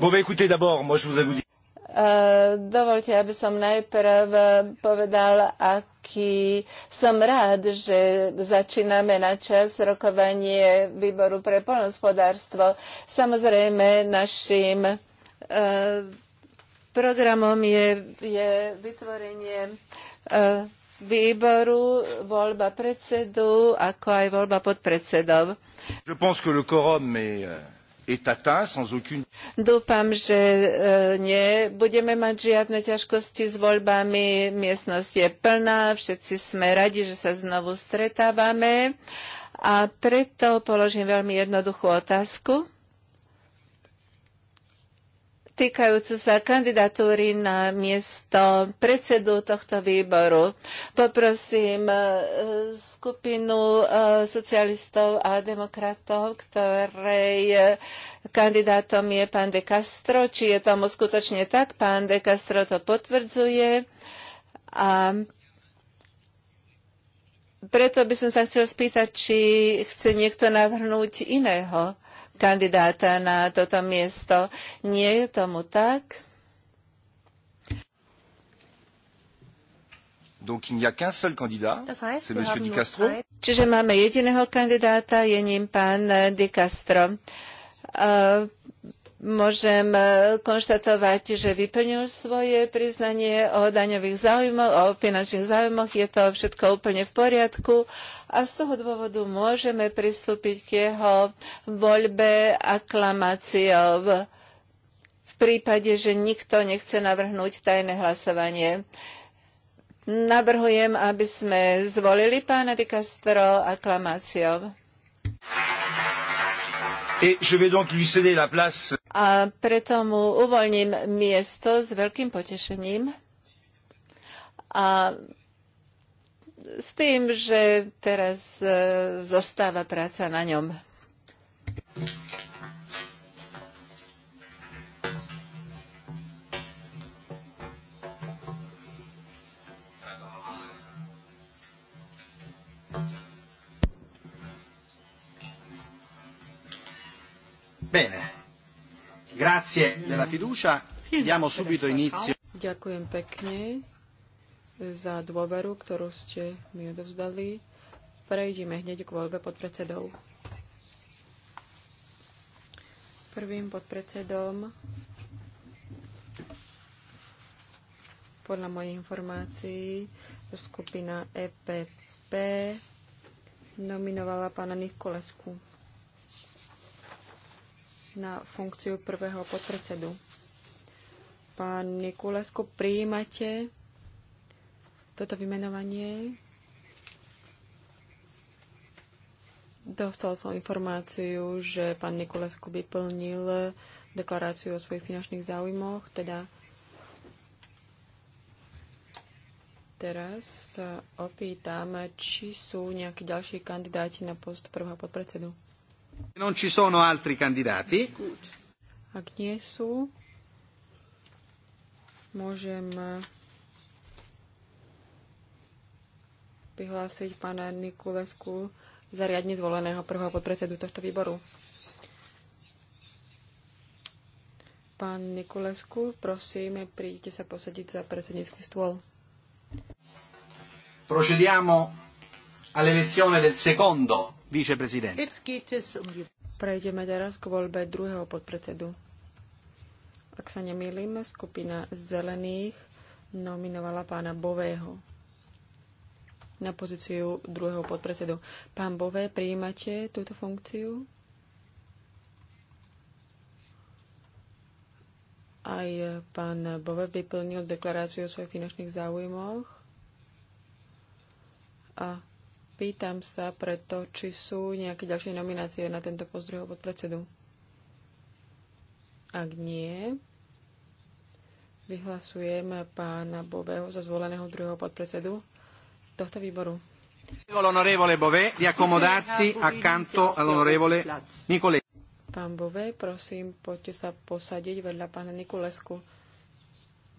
Bon, bah, écoutez, d'abord, moi, je voudrais vous dire... Uh, dovolte, aby som najprv povedal, aký som rád, že začíname na čas rokovanie výboru pre polnospodárstvo. Samozrejme, našim uh, programom je, je vytvorenie uh, výboru, voľba predsedu, ako aj voľba podpredsedov. Je pense que le quorum est Dúfam, že e, nebudeme mať žiadne ťažkosti s voľbami. Miestnosť je plná, všetci sme radi, že sa znovu stretávame. A preto položím veľmi jednoduchú otázku týkajúcu sa kandidatúry na miesto predsedu tohto výboru. Poprosím e, skupinu e, socialistov a demokratov, ktorej e, kandidátom je pán De Castro. Či je tomu skutočne tak? Pán De Castro to potvrdzuje. A preto by som sa chcel spýtať, či chce niekto navrhnúť iného kandidáta na toto miesto. Nie je tomu tak? Donc il n'y a qu'un seul candidat, c'est M. Di no Castro. Čiže máme jediného kandidáta, je ním pán eh, Di Castro. Eh, môžem e, konštatovať, že vyplňujú svoje priznanie o daňových záujmoch, o finančných záujmoch. Je to všetko úplne v poriadku a z toho dôvodu môžeme pristúpiť k jeho voľbe aklamáciou v prípade, že nikto nechce navrhnúť tajné hlasovanie. Navrhujem, aby sme zvolili pána Di Castro aklamáciou. Et je vais donc lui céder la place. A preto mu uvoľním miesto s veľkým potešením. A s tým, že teraz e, zostáva práca na ňom. Thank you. Bene, grazie della fiducia. Diamo subito inizio. Ďakujem pekne za dôveru, ktorú ste mi odovzdali. Prejdime hneď k voľbe podpredsedov. Prvým podpredsedom podľa mojich informácií skupina EPP nominovala pána Nikolesku na funkciu prvého podpredsedu. Pán Nikulesko, prijímate toto vymenovanie? Dostal som informáciu, že pán Nikulesku vyplnil deklaráciu o svojich finančných záujmoch, teda teraz sa opýtam, či sú nejakí ďalší kandidáti na post prvého podpredsedu. Non ci sono altri candidati. Ak nie sú, môžem vyhlásiť pána Nikulesku za riadne zvoleného prvého podpredsedu tohto výboru. Pán Nikulesku, prosím, príďte sa posadiť za predsednícky stôl. Procediamo all'elezione del secondo Viceprezident. Um Prejdeme teraz k voľbe druhého podpredsedu. Ak sa nemýlim, skupina zelených nominovala pána Bového na pozíciu druhého podpredsedu. Pán Bové, prijímate túto funkciu? Aj pán Bove vyplnil deklaráciu o svojich finančných záujmoch a Pýtam sa preto, či sú nejaké ďalšie nominácie na tento pozdruhov od podpredsedu. Ak nie, vyhlasujem pána Bobeho za zvoleného druhého podpredsedu tohto výboru. Pán Bové, prosím, poďte sa posadiť vedľa pána Nikulesku.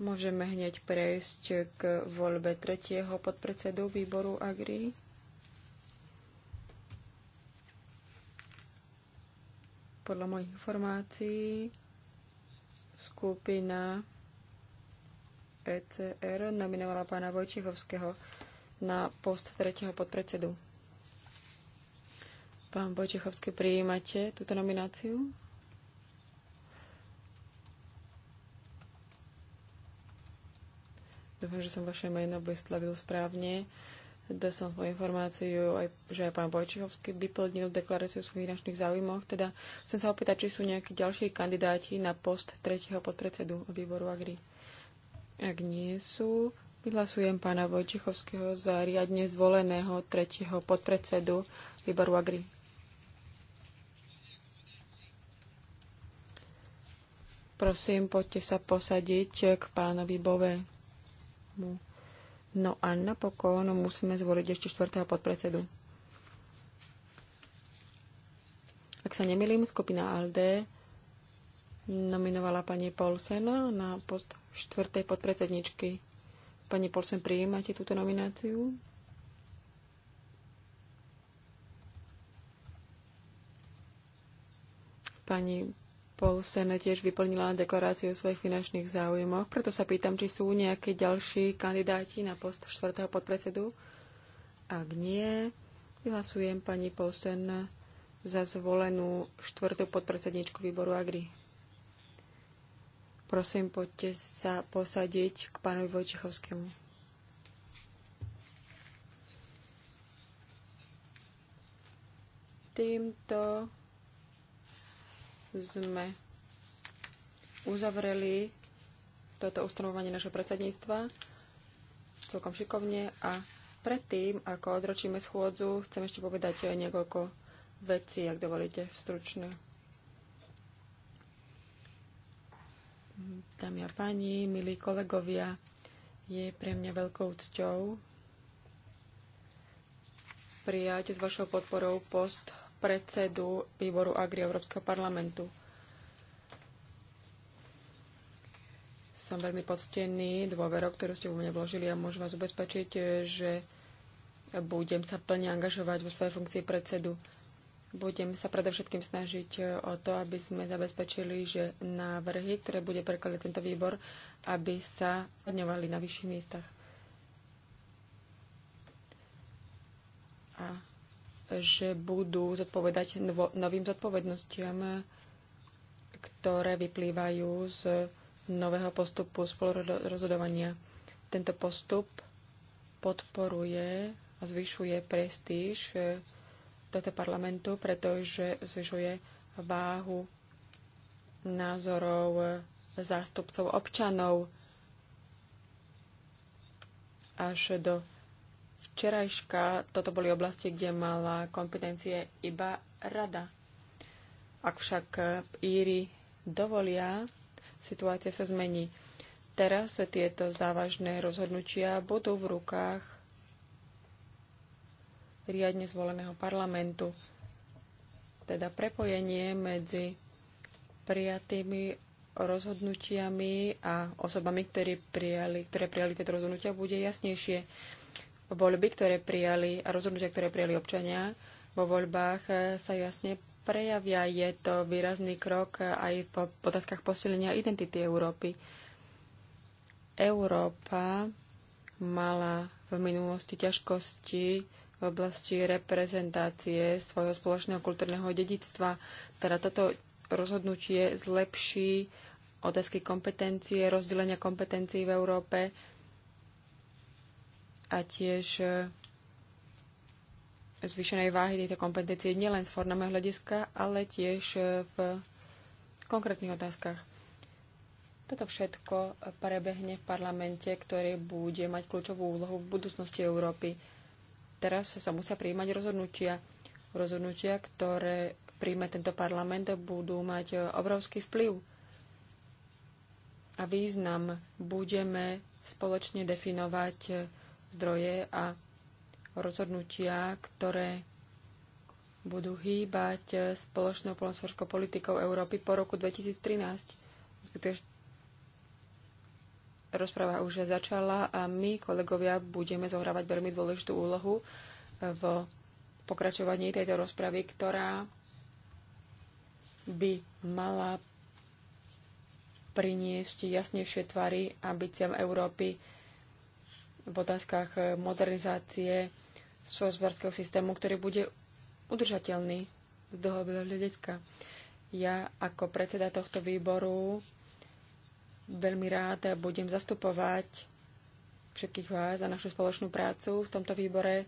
Môžeme hneď prejsť k voľbe tretieho podpredsedu výboru Agri. Podľa mojich informácií skupina ECR nominovala pána Vojčichovského na post tretieho podpredsedu. Pán Vojčichovský, prijímate túto nomináciu? Dúfam, že som vaše meno bestlavil správne. Dal som informáciu, aj, že aj pán Vojčichovský vyplnil deklaráciu svojich finančných záujmoch. Teda chcem sa opýtať, či sú nejakí ďalší kandidáti na post tretieho podpredsedu výboru Agri. Ak nie sú, vyhlasujem pána Vojčichovského za riadne zvoleného tretieho podpredsedu výboru Agri. Prosím, poďte sa posadiť k pánovi Bove. Mu. No a napokon musíme zvoliť ešte čtvrtého podpredsedu. Ak sa nemilím, skupina ALD nominovala pani Polsen na post štvrtej podpredsedničky. Pani Polsen, prijímate túto nomináciu? Pani Paulsen tiež vyplnila deklaráciu o svojich finančných záujmoch, preto sa pýtam, či sú nejakí ďalší kandidáti na post štvrtého podpredsedu. Ak nie, vyhlasujem pani Paulsen za zvolenú štvrtú podpredsedničku výboru Agri. Prosím, poďte sa posadiť k pánovi Vojčichovskému. týmto sme uzavreli toto ustanovovanie našho predsedníctva celkom šikovne a predtým, ako odročíme schôdzu, chcem ešte povedať aj niekoľko vecí, ak dovolíte, stručne. Dámy a páni, milí kolegovia, je pre mňa veľkou cťou prijať s vašou podporou post predsedu výboru Agri Európskeho parlamentu. Som veľmi poctený dôverok, ktorú ste u mňa vložili a môžem vás ubezpečiť, že budem sa plne angažovať vo svojej funkcii predsedu. Budem sa predovšetkým snažiť o to, aby sme zabezpečili, že návrhy, ktoré bude prekladať tento výbor, aby sa odňovali na vyšších miestach. A že budú zodpovedať novým zodpovednostiam, ktoré vyplývajú z nového postupu spolurozhodovania. Tento postup podporuje a zvyšuje prestíž e, tohto parlamentu, pretože zvyšuje váhu názorov zástupcov občanov až do včerajška toto boli oblasti, kde mala kompetencie iba rada. Ak však Íry dovolia, situácia sa zmení. Teraz tieto závažné rozhodnutia budú v rukách riadne zvoleného parlamentu. Teda prepojenie medzi prijatými rozhodnutiami a osobami, ktorí prijali, ktoré prijali tieto rozhodnutia, bude jasnejšie voľby, ktoré prijali a rozhodnutia, ktoré prijali občania vo voľbách, e, sa jasne prejavia. Je to výrazný krok aj v otázkach posilenia identity Európy. Európa mala v minulosti ťažkosti v oblasti reprezentácie svojho spoločného kultúrneho dedictva. Teda toto rozhodnutie zlepší otázky kompetencie, rozdelenia kompetencií v Európe a tiež e, zvýšenej váhy tejto kompetencie nielen z formného hľadiska, ale tiež e, v konkrétnych otázkach. Toto všetko prebehne v parlamente, ktorý bude mať kľúčovú úlohu v budúcnosti Európy. Teraz sa musia príjmať rozhodnutia. Rozhodnutia, ktoré príjme tento parlament, budú mať e, obrovský vplyv a význam. Budeme spoločne definovať zdroje a rozhodnutia, ktoré budú hýbať spoločnou polnospodárskou politikou Európy po roku 2013. rozpráva už začala a my, kolegovia, budeme zohrávať veľmi dôležitú úlohu v pokračovaní tejto rozpravy, ktorá by mala priniesť jasnejšie tvary ambíciám Európy v otázkach eh, modernizácie svojozbarského systému, ktorý bude udržateľný z dlhodobého hľadiska. Ja ako predseda tohto výboru veľmi rád budem zastupovať všetkých vás za našu spoločnú prácu v tomto výbore